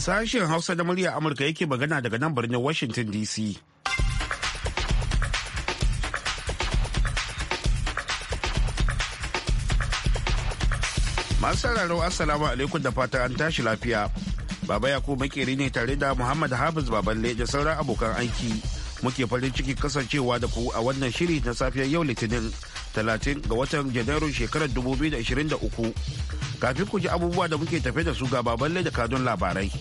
Sashen Hausa da murya Amurka yake magana daga nan birnin Washington DC. Masu sauraro Assalamu alaikum da fatan an tashi lafiya. Baba Yakubu makeri ne tare da Muhammad Hafiz Baballe da sauran abokan aiki. Muke farin ciki kasancewa da ku a wannan shiri na safiyar yau Litinin 30 ga watan Janairun shekarar 2023. kafin ku ji abubuwa da muke tafe da su ga baban da kadun labarai.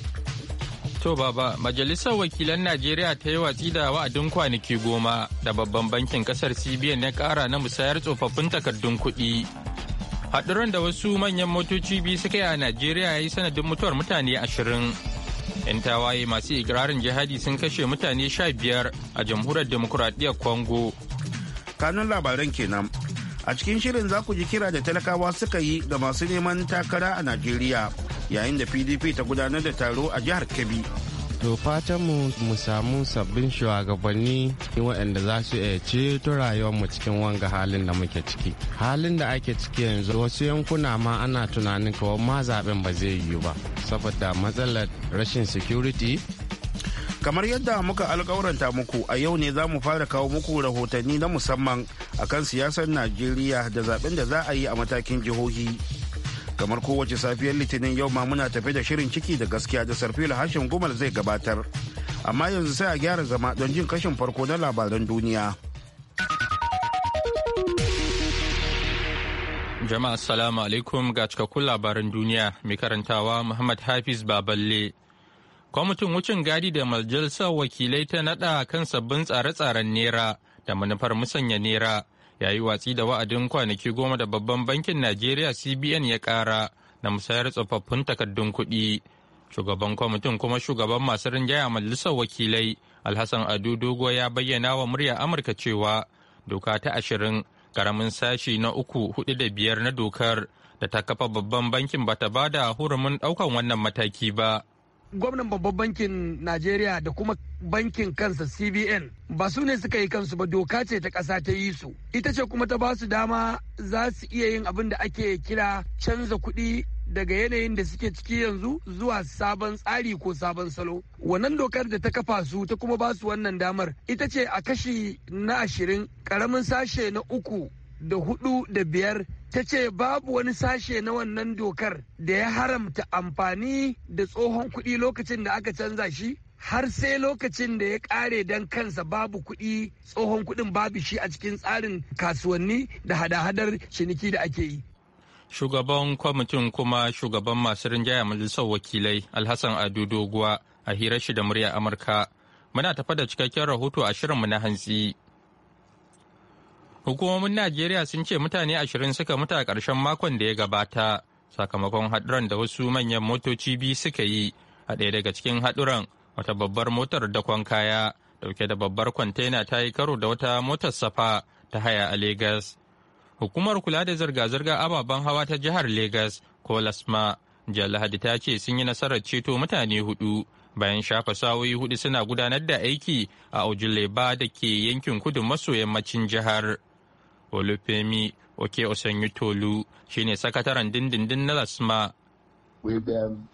To baba, Majalisar Wakilan Najeriya ta yi watsi da wa'adin kwanaki goma da babban bankin kasar CBN ya kara na musayar tsofaffin takardun kuɗi. Haɗuran da wasu manyan motoci biyu suka yi a Najeriya ya yi sanadin mutuwar mutane ashirin. 'Yan tawaye masu ikirarin jihadi sun kashe mutane sha biyar a jamhuriyar demokuraɗiyyar Congo. Kanun labaran kenan a cikin shirin za ku ji kira da talakawa suka yi ga masu neman takara a najeriya yayin da pdp ta gudanar da taro a jihar kebbi to fatan mu mu samu sabbin shugabanni waɗanda za su iya ceto mu cikin wanga halin da muke ciki halin da ake ciki yanzu wasu yankuna ma ana tunanin kawai ma zaɓen ba zai yiwu ba saboda matsalar rashin security kamar yadda muka alkawuranta muku a yau ne za mu fara kawo muku rahotanni na musamman a kan siyasar najeriya da zaben da za a yi a matakin jihohi kamar kowace safiyar litinin yau ma muna tafe da shirin ciki da gaskiya da sarfila hashin gumal zai gabatar amma yanzu sai a gyara zama don jin kashin farko na labaran duniya jama'a assalamu alaikum ga cikakkun labaran duniya mai karantawa muhammad hafiz baballe kwamitin wucin gadi da majalisar wakilai ta nada kan sabbin tsare-tsaren nera da manufar musanya nera ya yi watsi da wa'adin kwanaki goma da babban bankin najeriya cbn ya kara na musayar tsofaffin takardun kuɗi shugaban kwamitin kuma shugaban masu rinjaya majalisar wakilai alhassan adu dogo ya bayyana wa murya amurka cewa doka ta ashirin karamin sashi na uku hudu da biyar na dokar da ta kafa babban bankin ba ta ba da hurumin daukan wannan mataki ba gwamnan babban bankin najeriya da kuma bankin kansa cbn ba su ne suka yi kansu ba doka ce ta ƙasa ta yi su ita ce kuma ta ba su dama za su iya yin abin da ake kira canza kuɗi daga yanayin da suke ciki yanzu zuwa sabon tsari ko sabon salo wannan dokar da ta kafa su ta kuma ba su wannan damar ita ce a kashi na ashirin karamin sashe na uku da hudu da biyar ta ce babu wani sashe na wannan dokar da ya haramta amfani da tsohon kuɗi lokacin da aka canza shi har sai lokacin da ya kare don kansa babu kuɗi tsohon kuɗin babu shi a cikin tsarin kasuwanni da hada-hadar ciniki da ake yi. Shugaban kwamitin kuma shugaban masu rinjaya majalisar wakilai Alhassan Ado Doguwa a hirar shi da murya Amurka. Muna tafa da cikakken rahoto a shirinmu na hantsi. Hukumomin Najeriya sun ce mutane ashirin suka mutu a ƙarshen makon da ya gabata sakamakon haɗuran da wasu manyan motoci biyu suka yi a ɗaya daga cikin haɗuran wata babbar motar dakon kaya dauke da babbar kwantena ta yi karo da wata motar safa ta haya a Legas. Hukumar kula da zirga-zirga ababen hawa ta jihar Legas ko Lasma Lahadi ta ce sun yi nasarar ceto mutane hudu bayan shafa sawoyi hudu suna gudanar da aiki a Ojuleba da ke yankin kudu maso yammacin jihar. olufemi oke shi ne sakataren dindindin na lasma We've um,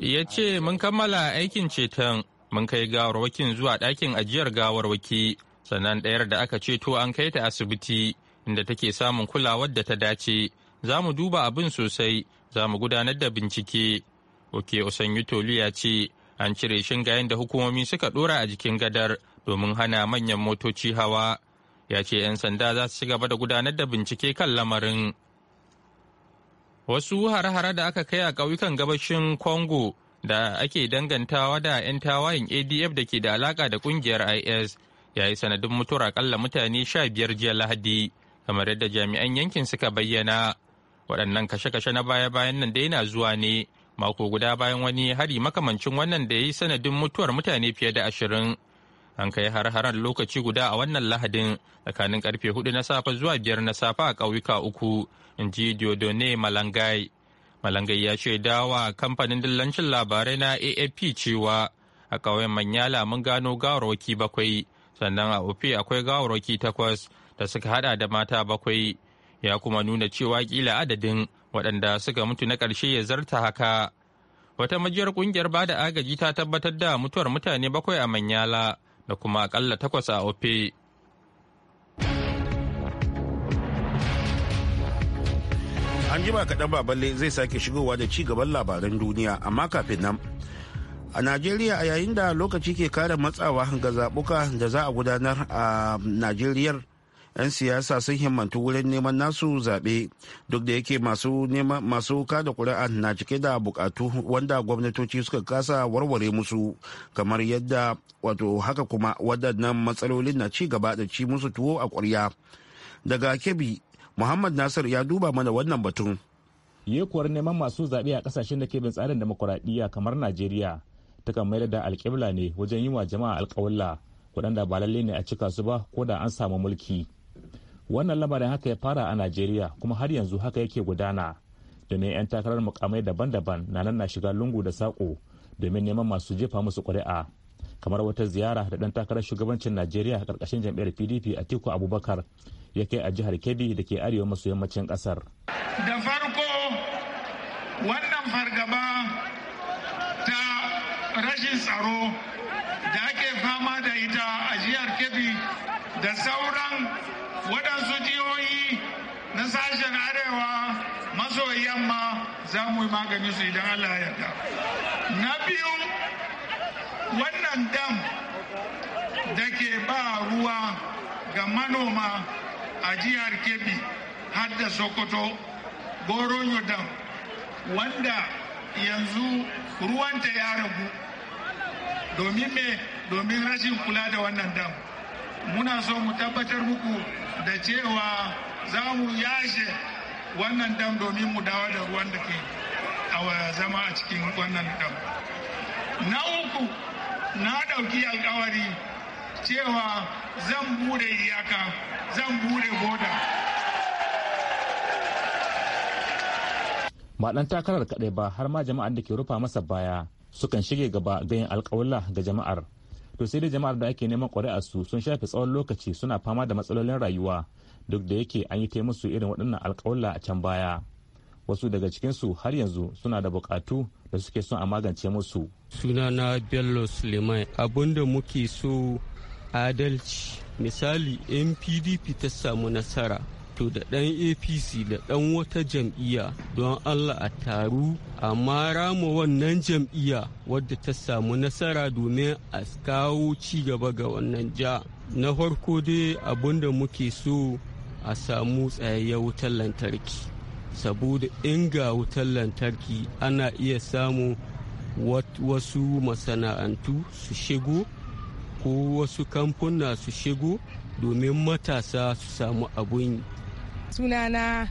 Ya ce mun kammala aikin ceton mun kai gawarwakin zuwa ɗakin ajiyar gawarwaki sannan ɗayar da aka ceto an kai ta asibiti inda take samun kulawar da ta dace za mu duba abin sosai za mu gudanar da bincike. Oke tolu ya ce an cire shingayen da hukumomi suka dora a jikin gadar domin hana manyan motoci hawa ya ce 'yan sanda za su gaba da gudanar da bincike kan lamarin wasu har-hara da aka kai a ƙauyukan gabashin congo da ake dangantawa da 'yan tawayen adf da ke da alaka da kungiyar is ya yi sanadin mutuwar akalla mutane sha biyar jiya lahadi kamar yadda jami'an yankin suka bayyana waɗannan kashe-kashe na baya-bayan nan dai na zuwa ne mako guda bayan wani hari makamancin wannan da ya yi sanadin mutuwar mutane fiye da ashirin an kai har-haren lokaci guda a wannan lahadin tsakanin karfe hudu na safe zuwa biyar na safe a ƙauyuka uku in ji diodone malangai malangai ya shaida wa kamfanin dillancin labarai na afp cewa a ƙauyen manyala mun gano gawarwaki bakwai sannan a ofe akwai gawarwaki takwas da suka hada da mata bakwai ya kuma nuna cewa kila adadin waɗanda suka mutu na ƙarshe ya zarta haka wata majiyar ƙungiyar bada agaji ta tabbatar da mutuwar mutane bakwai a manyala da kuma akalla takwas a ofe an ba kaɗan baballe zai sake shigowa da ci gaban labaran duniya amma kafin nan a najeriya a yayin da lokaci ke kare matsawa ga zaɓuka da za a gudanar a najeriyar 'yan siyasa sun himmantu wurin neman nasu zaɓe duk da yake masu masu kada ƙuri'a na cike da buƙatu wanda gwamnatoci suka kasa warware musu kamar yadda wato haka kuma waɗannan matsalolin na ci gaba da ci musu tuwo a ƙwarya daga kebi muhammad nasir ya duba mana wannan batun yekuwar neman masu zaɓe a ƙasashen da ke bin tsarin demokuraɗiyya kamar najeriya takan mayar da alƙibla ne wajen yi wa jama'a alƙawalla waɗanda ba lallai ne a cika su ba ko da an samu mulki wannan lamarin haka ya fara a najeriya kuma har yanzu haka yake gudana domin 'yan takarar mukamai daban-daban na nan na shiga lungu da saƙo domin neman masu jefa musu ƙuri'a kamar wata ziyara da ɗan takarar shugabancin najeriya a ƙarƙashin jam'iyyar pdp atiku abubakar ya kai a jihar kebbi da ke arewa maso yammacin ƙasar da farko wannan fargaba ta rashin tsaro da ake fama da ita a jihar kebbi da sauran mu maganin su idan Allah ya yarda na biyu wannan dam da ke ba ruwa ga manoma a jihar kebbi har da sokoto goronyo dam wanda yanzu ruwanta ya ragu domin me domin rashin kula da wannan dam muna so mu tabbatar muku da cewa za mu yashe wannan dam domin mu dawo da ruwan da ke zama a cikin wannan ɗan na uku na ɗauki alkawari cewa zan bude iyaka zan bude boda ba ɗan takarar kaɗai ba har ma jama'ar da ke rufa masa baya sukan shige gaba ga yin alkawalla ga jama'ar to sai dai jama'ar da ake neman ƙuri'ar su sun shafe tsawon lokaci suna fama da matsalolin rayuwa duk da yake an yi ta musu irin waɗannan alkawalla a can baya wasu daga cikinsu har yanzu suna da bukatu da suke son a magance musu sunana bello suleiman abinda muke so adalci misali npdp ta samu nasara to da ɗan apc da ɗan wata jam'iyya don allah a taru a mara wannan jam'iyya wadda ta samu nasara domin a kawo gaba ga wannan ja na farko dai abinda muke so a samu tsayayyen wutar lantarki saboda inga wutar lantarki ana iya samu wasu masana'antu su shigo ko wasu kamfuna su shigo domin matasa su samu abun yi sunana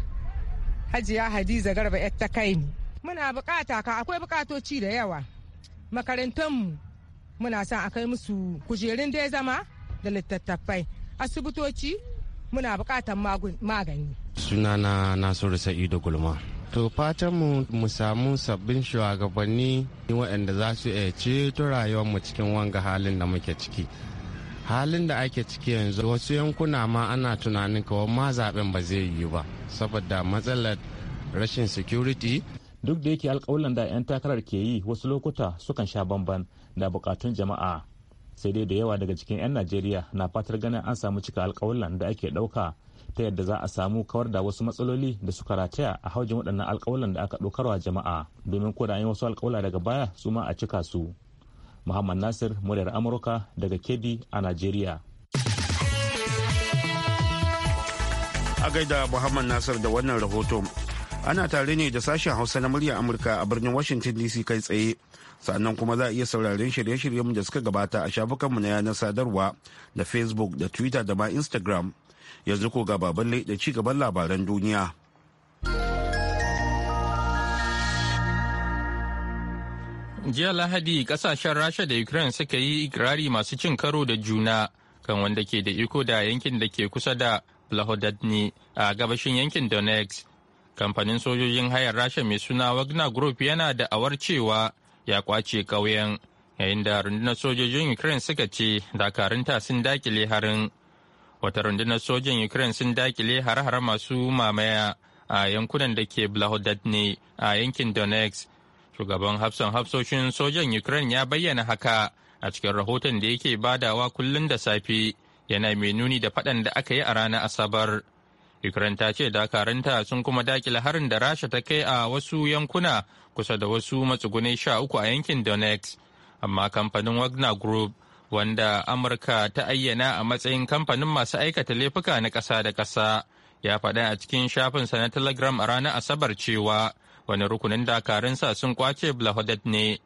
hajiya hadiza garba yar ta kai muna bukata ka akwai bukatoci da yawa makarantunmu muna son a kai musu kujerun da zama da littattafai asibitoci muna bukatar magani suna sunana nasiru sa'idu gulma to fatan mu samu sabbin shugabanni waɗanda za su iya ceto mu cikin wanga halin da muke ciki halin da ake ciki yanzu wasu yankuna ma ana tunanin kawai ma zaben ba zai yi ba saboda matsalar rashin security duk da yake alkawalan da 'yan takarar ke yi wasu lokuta sukan sha bamban da bukatun jama'a sai dai da yawa daga cikin 'yan najeriya na fatar ganin an samu cika alkawalan da ake ɗauka. ta yadda za a samu kawar da wasu matsaloli da suka rataya a haujin waɗannan alƙawalan da aka ɗaukar wa jama'a domin ko da an yi wasu alƙawala daga baya su ma a cika su. Muhammad Nasir muryar Amurka daga Kebbi a Najeriya. A gaida Muhammad Nasir da wannan rahoto. Ana tare ne da sashen Hausa na muryar Amurka a birnin Washington DC kai tsaye. Sannan kuma za a iya sauraren shirye-shiryenmu da suka gabata a shafukanmu na yanar sadarwa da Facebook da Twitter da ma Instagram. yanzu ko ga baban da ci gaban labaran duniya jiya lahadi kasashen rasha da ukraine suka yi ikirari masu cin karo da juna kan wanda ke da iko da yankin da ke kusa da Blahodadni a gabashin yankin Donetsk. Kamfanin sojojin hayar Rasha mai suna Wagner Group yana da awar cewa ya kwace ƙauyen, yayin da rundunar sojojin Ukraine suka ce dakarunta sun dakile harin wata rundunar sojan ukraine sun dakile har-har masu mamaya a yankunan da ke ne a yankin donetsk shugaban hafsan hafsoshin sojan ukraine ya bayyana haka a cikin rahoton da yake badawa kullum da safe yana mai nuni da faɗan da aka yi a ranar asabar ukraine ta ce dakaranta sun kuma dakile harin da rasha ta kai a wasu yankuna kusa da wasu matsugunai sha uku a yankin donetsk amma kamfanin wagner group wanda Amurka ta ayyana a matsayin kamfanin masu aikata laifuka na ƙasa da ƙasa, ya faɗa a cikin shafinsa na Telegram a ranar Asabar cewa wani rukunin dakarunsa sun kwace Blahodet ne.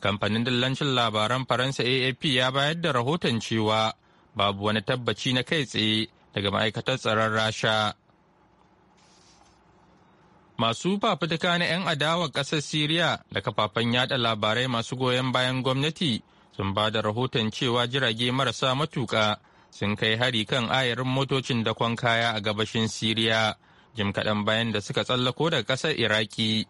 Kamfanin dillancin labaran Faransa AAP ya bayar da rahoton cewa babu wani tabbaci na kai tsaye daga ma'aikatar tsaron Rasha. Masu fafutuka na 'yan adawar ƙasar Siriya da kafafen yada labarai masu goyon bayan gwamnati sun ba da rahoton cewa jirage marasa matuƙa sun kai hari kan ayarin motocin da kwan kaya a gabashin siriya jim kaɗan bayan da suka tsallako daga ƙasar iraki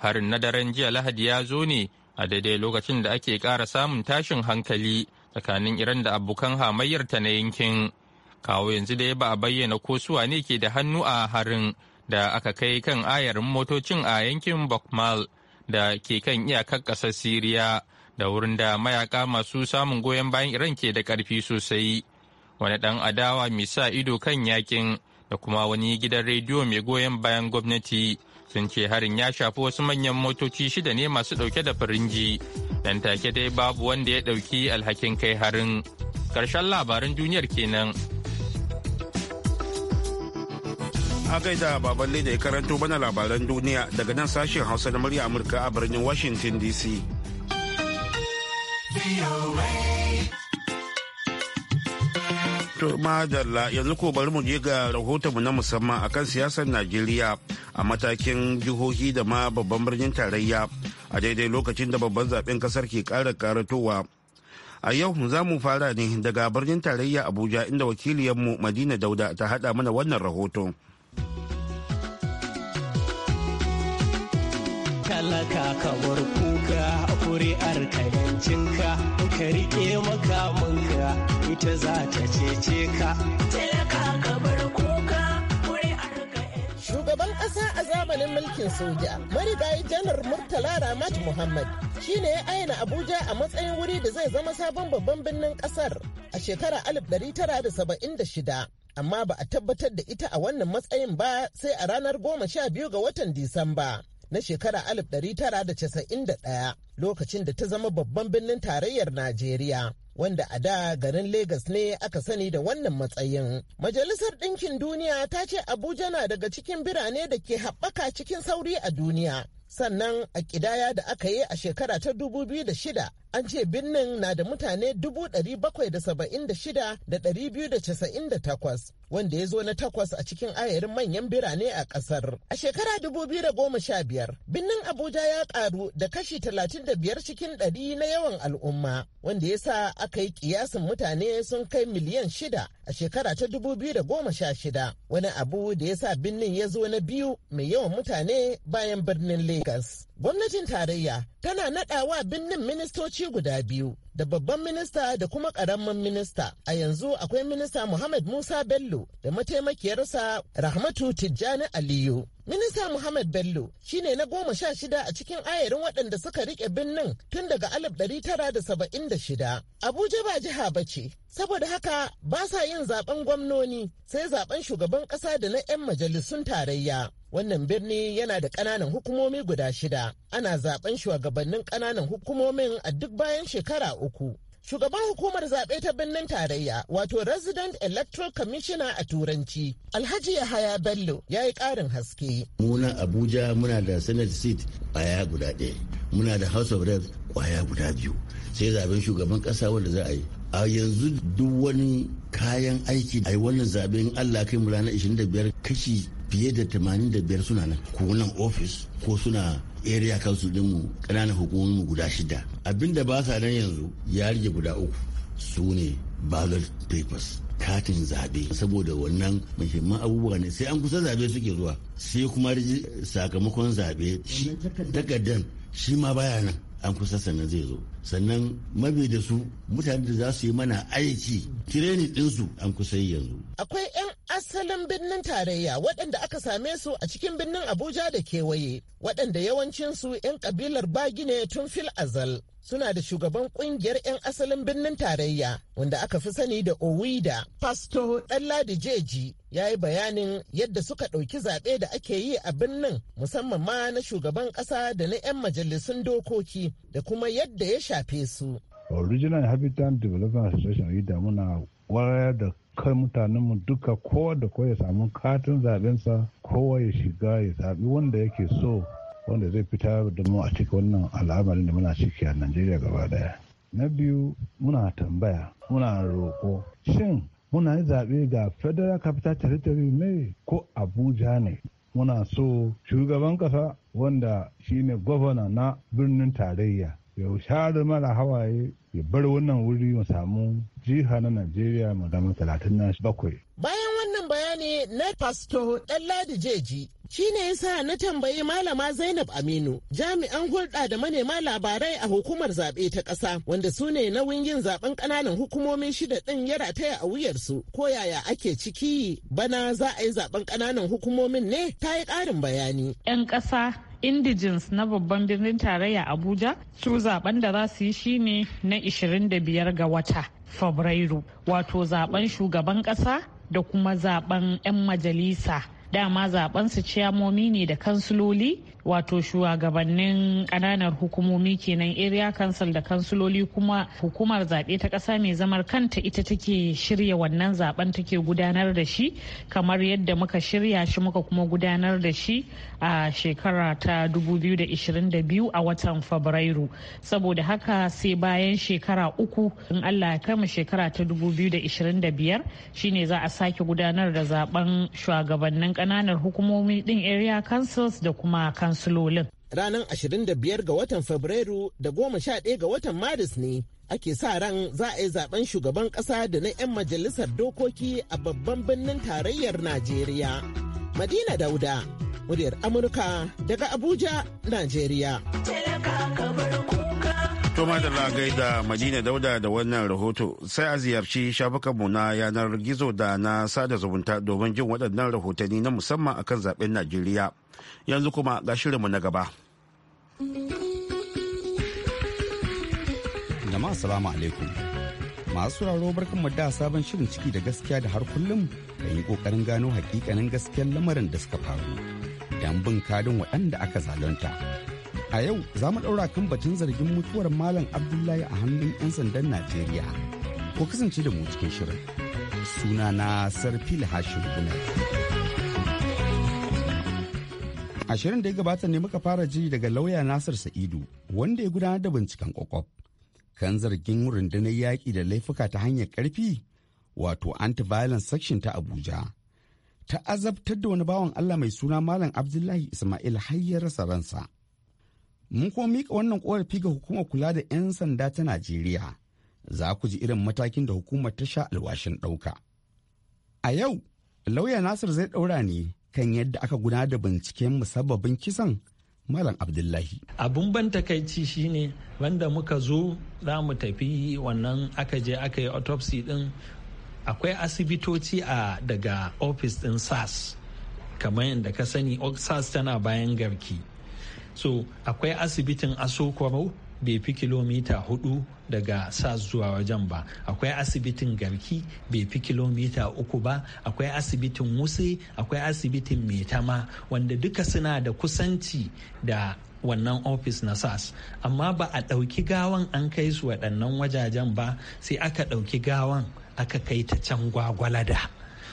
harin na daren jiya lahadi ya zo ne a daidai lokacin da ake ƙara samun tashin hankali tsakanin iran da abokan hamayyar ta na yankin kawo yanzu da ya ba a bayyana ko suwa ne ke da hannu a harin da aka kai kan ayarin motocin a yankin bakmal da ke kan iyakar ƙasar siriya da wurin da mayaka masu samun goyon bayan Iran ke da karfi sosai. Wani ɗan adawa mai sa ido kan yakin da kuma wani gidan rediyo mai goyon bayan gwamnati sun ce harin ya shafi wasu manyan motoci shida ne masu ɗauke da firinji. Dan take dai babu wanda ya ɗauki alhakin kai harin. karshen labaran duniyar kenan. a gaida baban da ya karanto mana labaran duniya daga nan sashen hausa na murya amurka a birnin washington dc To madalla yanzu ko bari mu je ga rahotonmu na musamman akan siyasar Najeriya a matakin jihohi da ma babban birnin tarayya a daidai lokacin da babban zaben kasar ke kara karatowa. A yau za mu fara ne daga birnin tarayya Abuja inda wakiliyarmu Madina Dauda ta haɗa mana wannan rahoton. kakawar kuka kuri'ar kayancinka in ka rike makamanka ita za ta cece ka shugaban ƙasa a zamanin mulkin soja marigayi janar murtala ramat muhammad shi ne ya ayyana abuja a matsayin wuri da zai zama sabon babban birnin ƙasar a shekarar 1976 amma ba a tabbatar da ita a wannan matsayin ba sai a ranar goma sha biyu ga watan Disamba. na shekara 1991 lokacin da ta zama babban birnin tarayyar Najeriya. wanda a da garin Legas ne aka sani da wannan matsayin. Majalisar Ɗinkin Duniya ta ce Abuja na daga cikin birane da ke haɓaka cikin sauri a duniya. Sannan a ƙidaya da aka yi a shekara ta 2006 an ce birnin na da mutane 776,298 wanda ya zo na takwas a cikin ayarin manyan birane a kasar. A shekara 2015, birnin Abuja ya karu da kashi 35 cikin 100 na yawan al'umma, wanda ya sa aka yi kiyasin mutane sun kai miliyan shida a shekara ta 2016, wani abu da ya sa birnin ya zo na biyu mai yawan mutane bayan birnin Lagos. gwamnatin tarayya tana naɗawa binnin ministoci guda biyu da babban minista da kuma ƙaramin minista a yanzu akwai minista muhammad musa bello da mataimakiyarsa rahmatu tijjani aliyu minista muhammad bello shine na goma sha shida a cikin ayarin waɗanda suka rike binnin tun daga alif ɗari tara da saba'in da shida abuja ba jiha ba ce saboda haka ba sa yin zaben gwamnoni sai zaben shugaban ƙasa da na 'yan majalisun tarayya Wannan birni yana da ƙananan hukumomi guda shida. Ana zaben shugabannin ƙananan hukumomin a duk bayan shekara uku. Shugaban hukumar zaɓe ta birnin tarayya wato Resident Electoral Commissioner a Turanci, Alhaji Yahaya Bello ya yi ƙarin haske. Muna Abuja muna da Senate seat ƙwaya guda ɗaya, muna da House of Reps ƙwaya guda biyu. sai zaben shugaban kasa wanda za a yi a yanzu duk wani kayan aiki a yi wannan zaben allah kai mu ranar 25 kashi fiye da 85 suna nan ko nan ofis ko suna area council dinmu ƙananan hukumomin guda shida abinda ba sa nan yanzu ya rage guda uku su ne ballot papers katin zabe saboda wannan muhimman abubuwa ne sai an kusa zabe suke zuwa sai kuma sakamakon zabe takardan shi ma baya nan an kusa sannan zai zo sannan mabi da su mutane da za su yi mana aiki tireni ɗinsu an kusa yanzu akwai 'yan asalin birnin tarayya waɗanda aka same su a cikin birnin Abuja da kewaye, waɗanda yawancinsu 'yan kabilar bagi ne tun fil azal. Suna da shugaban ƙungiyar 'yan asalin birnin tarayya wanda aka fi sani da Owida, Pasto Ɗanladi Jeji ya yi bayanin yadda suka ɗauki zaɓe da ake yi a birnin musamman ma na shugaban ƙasa da na 'yan majalisun dokoki da kuma yadda ya shafe su. Original Habitat Development Association yi wayar da kar mutanenmu duka kowa da kowa ya samu katin zaɓensa kowa ya shiga ya zaɓi wanda yake so wanda zai fita da mu a cikin wannan al'amarin da muna ciki a najeriya gaba daya na biyu muna tambaya muna roƙo shin muna yi zaɓe ga federal capital territory ne ko abuja ne muna so shugaban ƙasa wanda shine gwamna na birnin tarayya ya share mara hawaye ya bar wannan wuri mu samu jiha na Najeriya mu zama talatin Bayan wannan bayani na Pasto Ɗanladi Jeji Shi ne yasa na tambayi malama Zainab Aminu jami'an hulɗa da manema labarai a hukumar zaɓe ta ƙasa wanda su ne nauyin yin zaɓen ƙananan hukumomin shida ɗin ya rataya a wuyarsu ko yaya ake ciki bana za a yi zaɓen ƙananan hukumomin ne ta yi ƙarin bayani. 'Yan ƙasa indigens na babban birnin tarayya abuja su zaɓen da za su yi shi ne na da biyar ga wata fabrairu wato zaɓen shugaban ƙasa da kuma zaɓen 'yan majalisa dama zaben su ciyamomi ne da kansuloli wato shugabannin ƙananan hukumomi kenan area council da kansuloli kuma hukumar zaɓe ta ƙasa mai zamar kanta ita take shirya wannan zaben take gudanar da shi kamar yadda muka shirya shi muka kuma gudanar da shi a shekara ta 2022 a watan fabrairu saboda haka sai bayan shekara uku in allah ya kama shekara ta 2025 shine za a sake gudanar da zaben shugabannin ƙananan hukumomi din area councils da kuma council ashirin Ranar 25 ga watan Fabrairu da 11 ga watan Maris ne ake sa ran za a yi zaben shugaban ƙasa da na 'yan majalisar dokoki a babban birnin tarayyar Najeriya. Madina Dauda, muryar Amurka daga Abuja, Najeriya. Toma da lagai da Madina Dauda da wannan rahoto sai a ziyarci shafukanmu na yanar gizo da na sada zumunta domin jin waɗannan rahotanni na musamman akan zaben Najeriya. yanzu kuma ga shirinmu na gaba. Jama'a salamu alaikum. Masu sauraro barkanmu da sabon shirin ciki da gaskiya da har kullum da yi kokarin gano hakikanin gaskiyar lamarin da suka faru. Dan bin kadin waɗanda aka zalunta. A yau za mu ɗaura kan batun zargin mutuwar Malam Abdullahi a hannun 'yan sandan Najeriya. Ko kasance da mu cikin shirin. Sunana Sarfil Hashim gunar ashirin da ya gabata ne muka fara ji daga lauya nasir sa'idu wanda ya gudanar da binciken kwakwaf kan zargin rundunar yaƙi da laifuka ta hanyar ƙarfi wato anti-violence section ta abuja ta azabtar da wani bawan allah mai suna malam abdullahi ismail har ya rasa ransa mun kuma mika wannan ƙorafi ga hukumar kula da 'yan sanda ta najeriya za ku ji irin matakin da hukumar ta sha alwashin ɗauka a yau lauya nasir zai ɗaura ne kan yadda aka gudanar da binciken musabbabin kisan Malam Abdullahi. Abun ban takaici shine wanda muka zo za mu tafi wannan aka je aka yi autopsy din akwai asibitoci a daga ofis din sas kamar yadda ka sani sas tana bayan garki. So akwai asibitin Aso bai fi kilomita hudu daga sas zuwa wajen ba akwai asibitin garki bai fi kilomita uku ba akwai asibitin wuse akwai asibitin metama wanda duka suna da kusanci da wannan ofis na sas amma ba a ɗauki gawan an kai su waɗannan wajajen ba sai aka ɗauki gawan aka kai ta can gwagwalada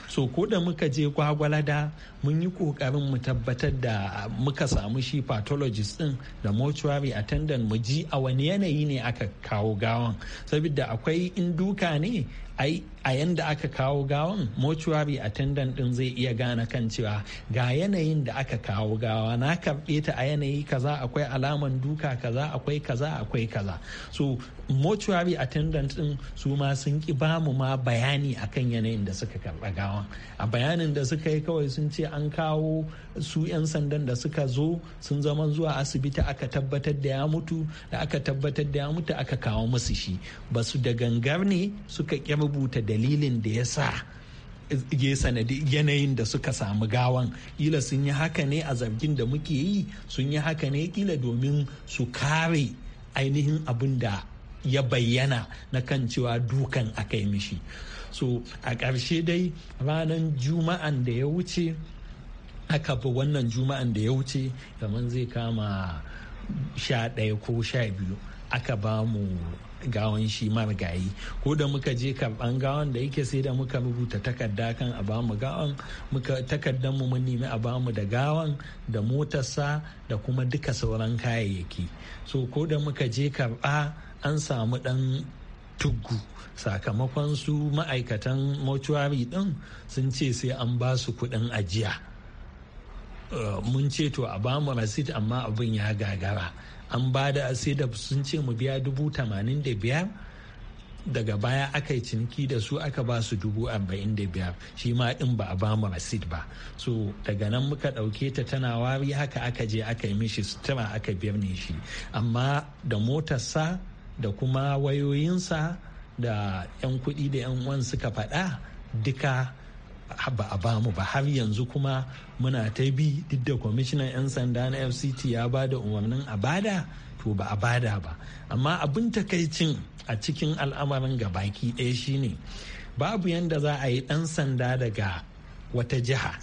so ko da muka je gwagwalada mun yi kokarin mu tabbatar da muka samu shi pathologist din da mortuary attendant mu ji a wani yanayi ne aka kawo gawan saboda akwai in duka ne ai a yanda aka kawo gawan mochuari attendant din zai iya gane kan cewa ga yanayin da aka kawo gawa na karɓe ta a yanayi kaza akwai alaman duka kaza akwai kaza akwai kaza so motuari attendant din su ma sun ki bamu ma bayani akan yanayin da suka karɓa gawan a bayanin da suka yi kawai sun ce an kawo su 'yan sandan da suka zo sun zama zuwa asibiti aka tabbatar da ya mutu da aka tabbatar da ya mutu aka kawo musu shi ba su da gangar ne suka ƙi rubuta da dalilin da ya sa ya sanadi yanayin da suka samu gawan kila sun yi haka ne a zargin da muke yi sun yi haka ne kila domin su kare ainihin abin da ya bayyana na kan cewa dukan aka yi mishi so a ƙarshe dai ranar juma'an da ya wuce aka bi wannan juma'an da ya wuce kamar zai kama sha ɗaya ko sha biyu aka ba mu gawan shi marigayi ko da muka je karban gawan da yake sai da muka rubuta takarda kan a bamu gawan muka takardar mu mun nemi a bamu da gawan da motarsa da kuma duka sauran kayayyaki so ko da muka je karba an samu dan tuggu sakamakon su ma'aikatan mortuary din sun ce sai an ba su kudin ajiya uh, mun ce to a bamu rasit amma abin ya gagara an ba da sai da sun ce mu biya dubu tamanin da biyar daga baya aka yi ciniki da su aka ba su dubu arba'in da biyar shi ma din ba a ba mu rasid ba so daga nan muka ɗauke ta tana wari haka aka je aka yi mishi sutura aka birne shi amma da motarsa da kuma wayoyinsa da 'yan kuɗi da 'yan uwan suka faɗa duka ba a ba mu ba har yanzu kuma muna ta bi duk da kwamishinan 'yan sanda na fct ya ba da umarnin a bada to ba a bada ba amma abin takaicin a cikin al'amarin ga baki ɗaya shine babu yadda za a yi ɗan sanda daga wata jiha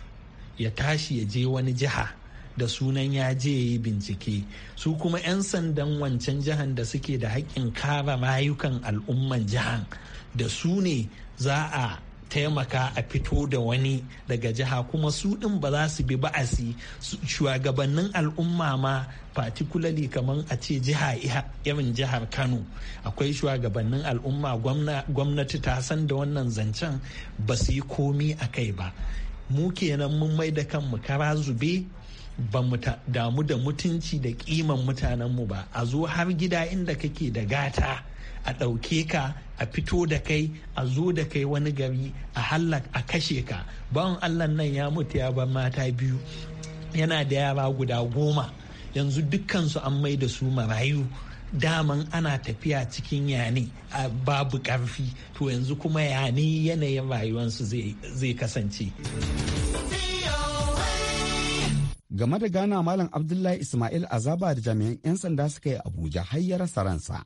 ya tashi ya je wani jiha da sunan ya je ya yi bincike su kuma 'yan sandan wancan jihan da suke da haƙƙin kara rayukan al'umman jihan da su ne za a taimaka a fito da wani daga jiha kuma su din ba za su bi ba'asi shugabannin al'umma ma particularly kamar a ce jiha irin jihar kano akwai shugabannin al'umma gwamnati ta san da wannan zancen ba su yi komi a kai ba mu kenan mun mai da kanmu kara zube ba mu damu da mutunci da kiman mutanenmu ba a zo har gida inda kake da gata a ɗauke ka a fito da kai a zo da kai wani gari a hallak a kashe ka bawan allah nan ya mutu ya bar mata biyu yana da yara guda goma yanzu dukkansu an mai da su marayu daman ana tafiya cikin yane babu ƙarfi to yanzu kuma yane yanayin rayuwarsu zai kasance game da gana malam abdullahi ismail azaba da jami'an 'yan sanda suka yi abuja har ya rasa ransa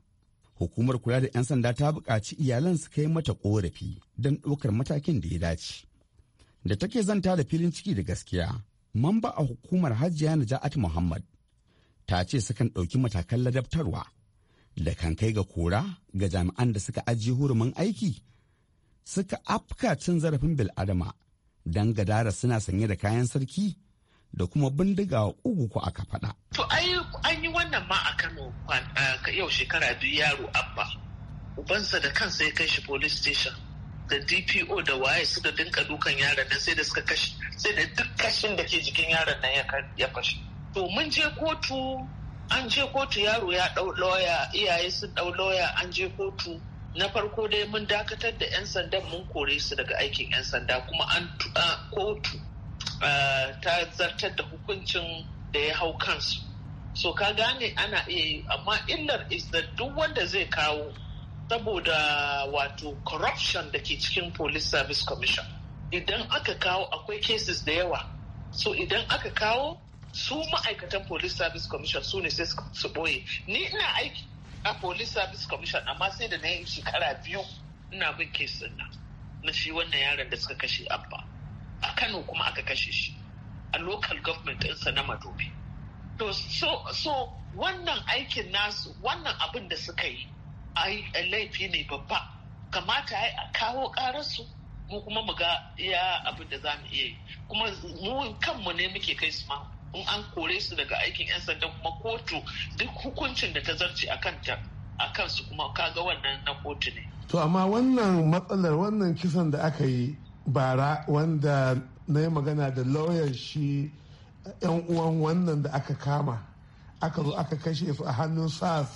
hukumar kula da 'yan sanda ta buƙaci iyalan su kai mata ƙorafi don ɗaukar matakin da ya dace da take zanta da filin ciki da gaskiya mamba a hukumar hajjiya naja'at muhammad ta ce sukan ɗauki matakan ladabtarwa da kan kai ga kora ga jami'an da suka ajiye hurumin aiki suka afka cin zarafin bil'adama don gadara suna sanye da kayan sarki da kuma bindiga ugu ko aka faɗa. To an yi wannan ma a Kano yau shekara biyu yaro abba. Ubansa da kansa ya kai shi police station. Da DPO da waye suka dinka dukan yaron nan sai da suka kashe sai da duk kashin da ke jikin yaron nan ya fashe. To mun je kotu an je kotu yaro ya ɗau lawyer iyaye sun ɗau lawyer an je kotu na farko dai mun dakatar da 'yan sanda mun kore su daga aikin 'yan sanda kuma an kotu ta zartar da hukuncin da ya hau kansu so ka gane ana iya yi amma illar is da duk wanda zai kawo saboda wato corruption da ke cikin police service commission idan aka kawo akwai cases da yawa so idan aka kawo su ma'aikatan police service commission su ne sai su ɓoye ni ina aiki a police service commission amma sai da na yi shekara biyu ina bin kesin na na shi wannan yaron da suka kashe abba a kano kuma aka kashe shi a local government ɗinsa na madobi to so, so wannan aikin nasu wannan abin da suka yi a laifi ne babba kamata a kawo ƙararsu mu kuma mu ga ya abin da za mu iya yi kuma mu kanmu ne muke kai su ma in an kore su daga aikin 'yan sandan kuma kotu duk hukuncin da ta zarce a kanta a kansu kuma kaga wannan na kotu ne to amma wannan matsalar wannan kisan da aka yi bara wanda na yi magana da lauyan shi yan uwan wannan da aka kama aka zo aka kashe su a hannun sars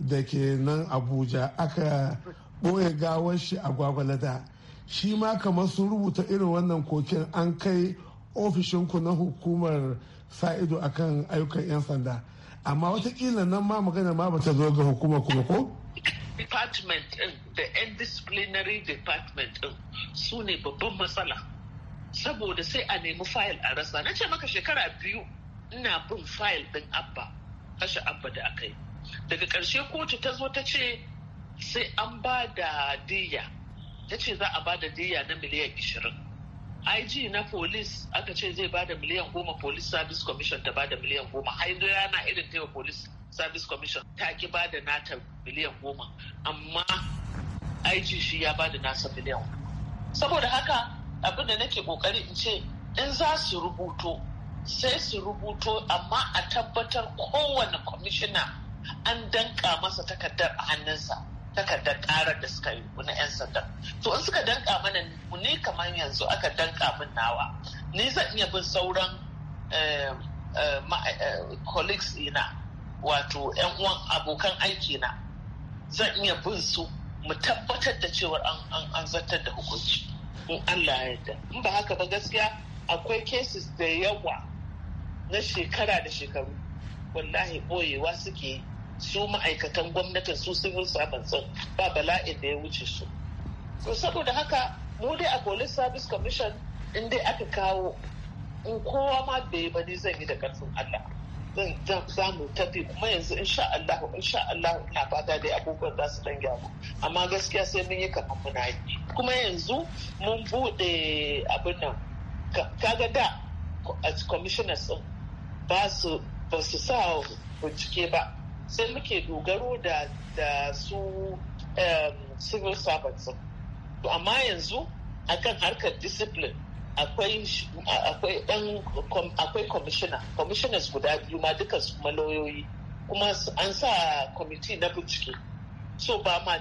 da ke nan abuja aka ɓoye gawar shi a gwagwalada shi ma kamar sun rubuta irin wannan kokin an kai ofishinku na hukumar sa ido akan ayyukan 'yan sanda amma watakila nan ma magana ma bata zo ga hukumar kuma ko? department ɗin da yan disciplinary department ɗin su ne babban matsala saboda sai a nemi fayil a rasa na ce maka shekara biyu ina bin fayil ɗin abba kashe abba da aka yi daga ƙarshe kotu ta zo ta ce sai an ba da diya ta ce za a ba da diya na miliyan 20 ig na polis aka ce zai ba da miliyan goma police service commission ta ba da miliyan goma har rana irin taiwa police service commission ta ki ba da nata miliyan goma amma IG shi ya ba da nasa miliyan saboda haka abin da nake kokari in ce in za su rubuto sai su rubuto amma a tabbatar kowane commissioner an danka masa takardar a hannunsa takardar karar da suka yi na 'yan sanda to in suka danka mana ni kamar yanzu aka danka min nawa ni zan iya bin sauran eh, eh, eh, colleagues ina wato 'yan uwan abokan aiki na zan iya bin su mu tabbatar da cewar an zartar da hukunci in Allah ya yarda in ba haka ba gaskiya akwai cases da yawa na shekara da shekaru wallahi boyewa suke su ma'aikatan gwamnatin su civil servants ba bala'in da ya wuce su to saboda haka mu dai a police service commission in dai aka kawo in kowa ma bai bani zan yi da karfin Allah zan samu ta fi kuma yanzu insha Allah insha Allah ina fata dai abubuwan za su dan gyaru amma gaskiya sai mun yi kamar muna yi kuma yanzu mun bude abin nan kaga da as commissioners din ba su ba su sa bincike ba sai muke dogaro da da su civil servants amma yanzu akan harkar discipline akwai kwamishina dan guda biyu ma duka su kuma kuma an sa kwamiti na bincike so ba ma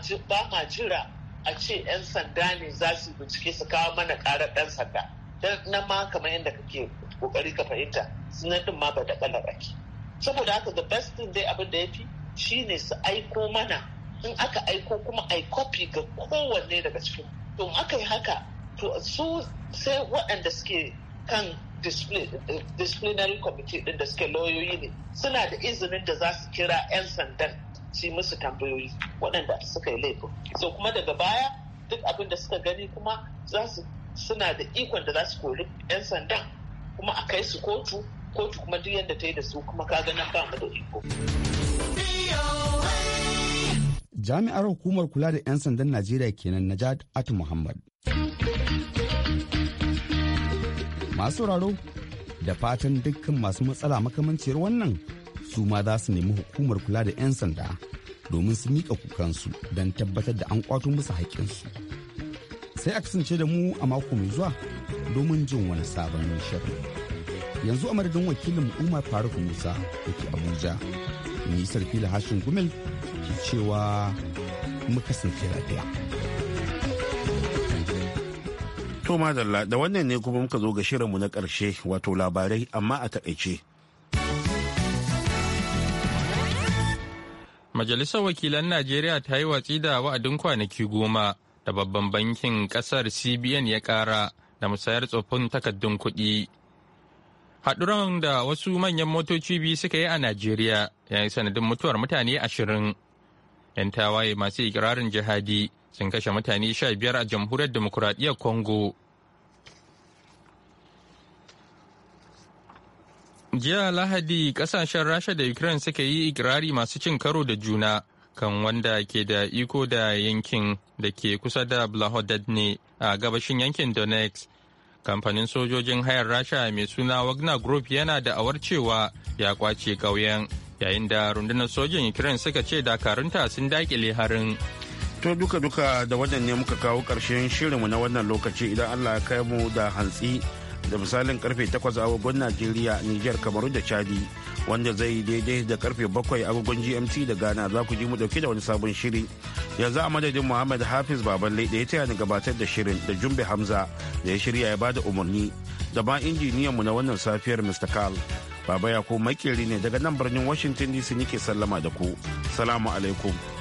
jira a ce 'yan sanda ne za su bincike su kawo mana karar ɗan sanda don na ma kamar yadda kake kokari ka fahimta sunan din ma ba da ake saboda haka the best thing dai abin da ya fi shine su aiko mana in aka aiko kuma ai copy ga kowanne daga cikin to in aka yi haka to su sai waɗanda suke kan eh, disciplinary committee ɗin da suke lauyoyi ne suna da izinin da za su kira 'yan sandan su musu tambayoyi waɗanda suka yi laifin so kuma daga baya duk abin da suka gani kuma za su suna da ikon da za su kori 'yan sandan kuma a kai su kotu kotu kuma duk yadda ta yi da su kuma ka ganin ba mu da iko. Jami'ar hukumar kula da 'yan sandan Najeriya kenan Najat Atu Muhammad. masu raro da fatan dukkan masu matsala makamanciyar wannan su ma za su nemi hukumar kula da 'yan sanda domin su miƙa kukansu don tabbatar da an kwato musu haƙƙinsu. Sai a kasance da mu a mako mai zuwa domin jin wani sabon shirin. Yanzu a madadin wakilin Umar Faruk Musa da ke Abuja, ni Sarfila Hashin Gumel ke cewa muka kasance lafiya. To madalla da wannan ne kuma muka zo ga shirinmu na ƙarshe wato labarai amma a takaice. Majalisar Wakilan Najeriya ta yi watsi da wa'adin kwanaki goma da babban bankin ƙasar CBN ya ƙara da musayar tsoffin takardun kuɗi. Haɗuran da wasu manyan motoci biyu suka yi a Najeriya ya sanadin mutuwar mutane ashirin. 'Yan tawaye masu ikirarin jihadi sun kashe mutane sha biyar a jamhuriyar demokuraɗiyyar congo jiya lahadi kasashen rasha da ukraine suka yi ikirari masu cin karo da juna kan wanda ke da iko da yankin da ke kusa da blahodadne a gabashin yankin donetsk kamfanin sojojin hayar rasha mai suna wagner group yana da awar cewa ya kwace ƙauyen yayin da rundunar sojin ukraine suka ce dakarunta sun dakile harin To duka-duka da wannan ne muka kawo ƙarshen shirinmu na wannan lokaci idan Allah ya kai mu da hantsi da misalin karfe 8 agogon Najeriya, Nijar, Kamaru da Chadi wanda zai daidai da karfe 7 agogon GMT da Ghana za ku ji mu dauke da wani sabon shiri. Yanzu a madadin Muhammad Hafiz Baballe da ya taya ni gabatar da shirin da Jumbe Hamza da ya shirya ya bada umarni da ba injiniyan mu na wannan safiyar Mr. Karl. Baba ya ko makeri ne daga nan birnin Washington DC nike sallama da ku. Salamu alaikum.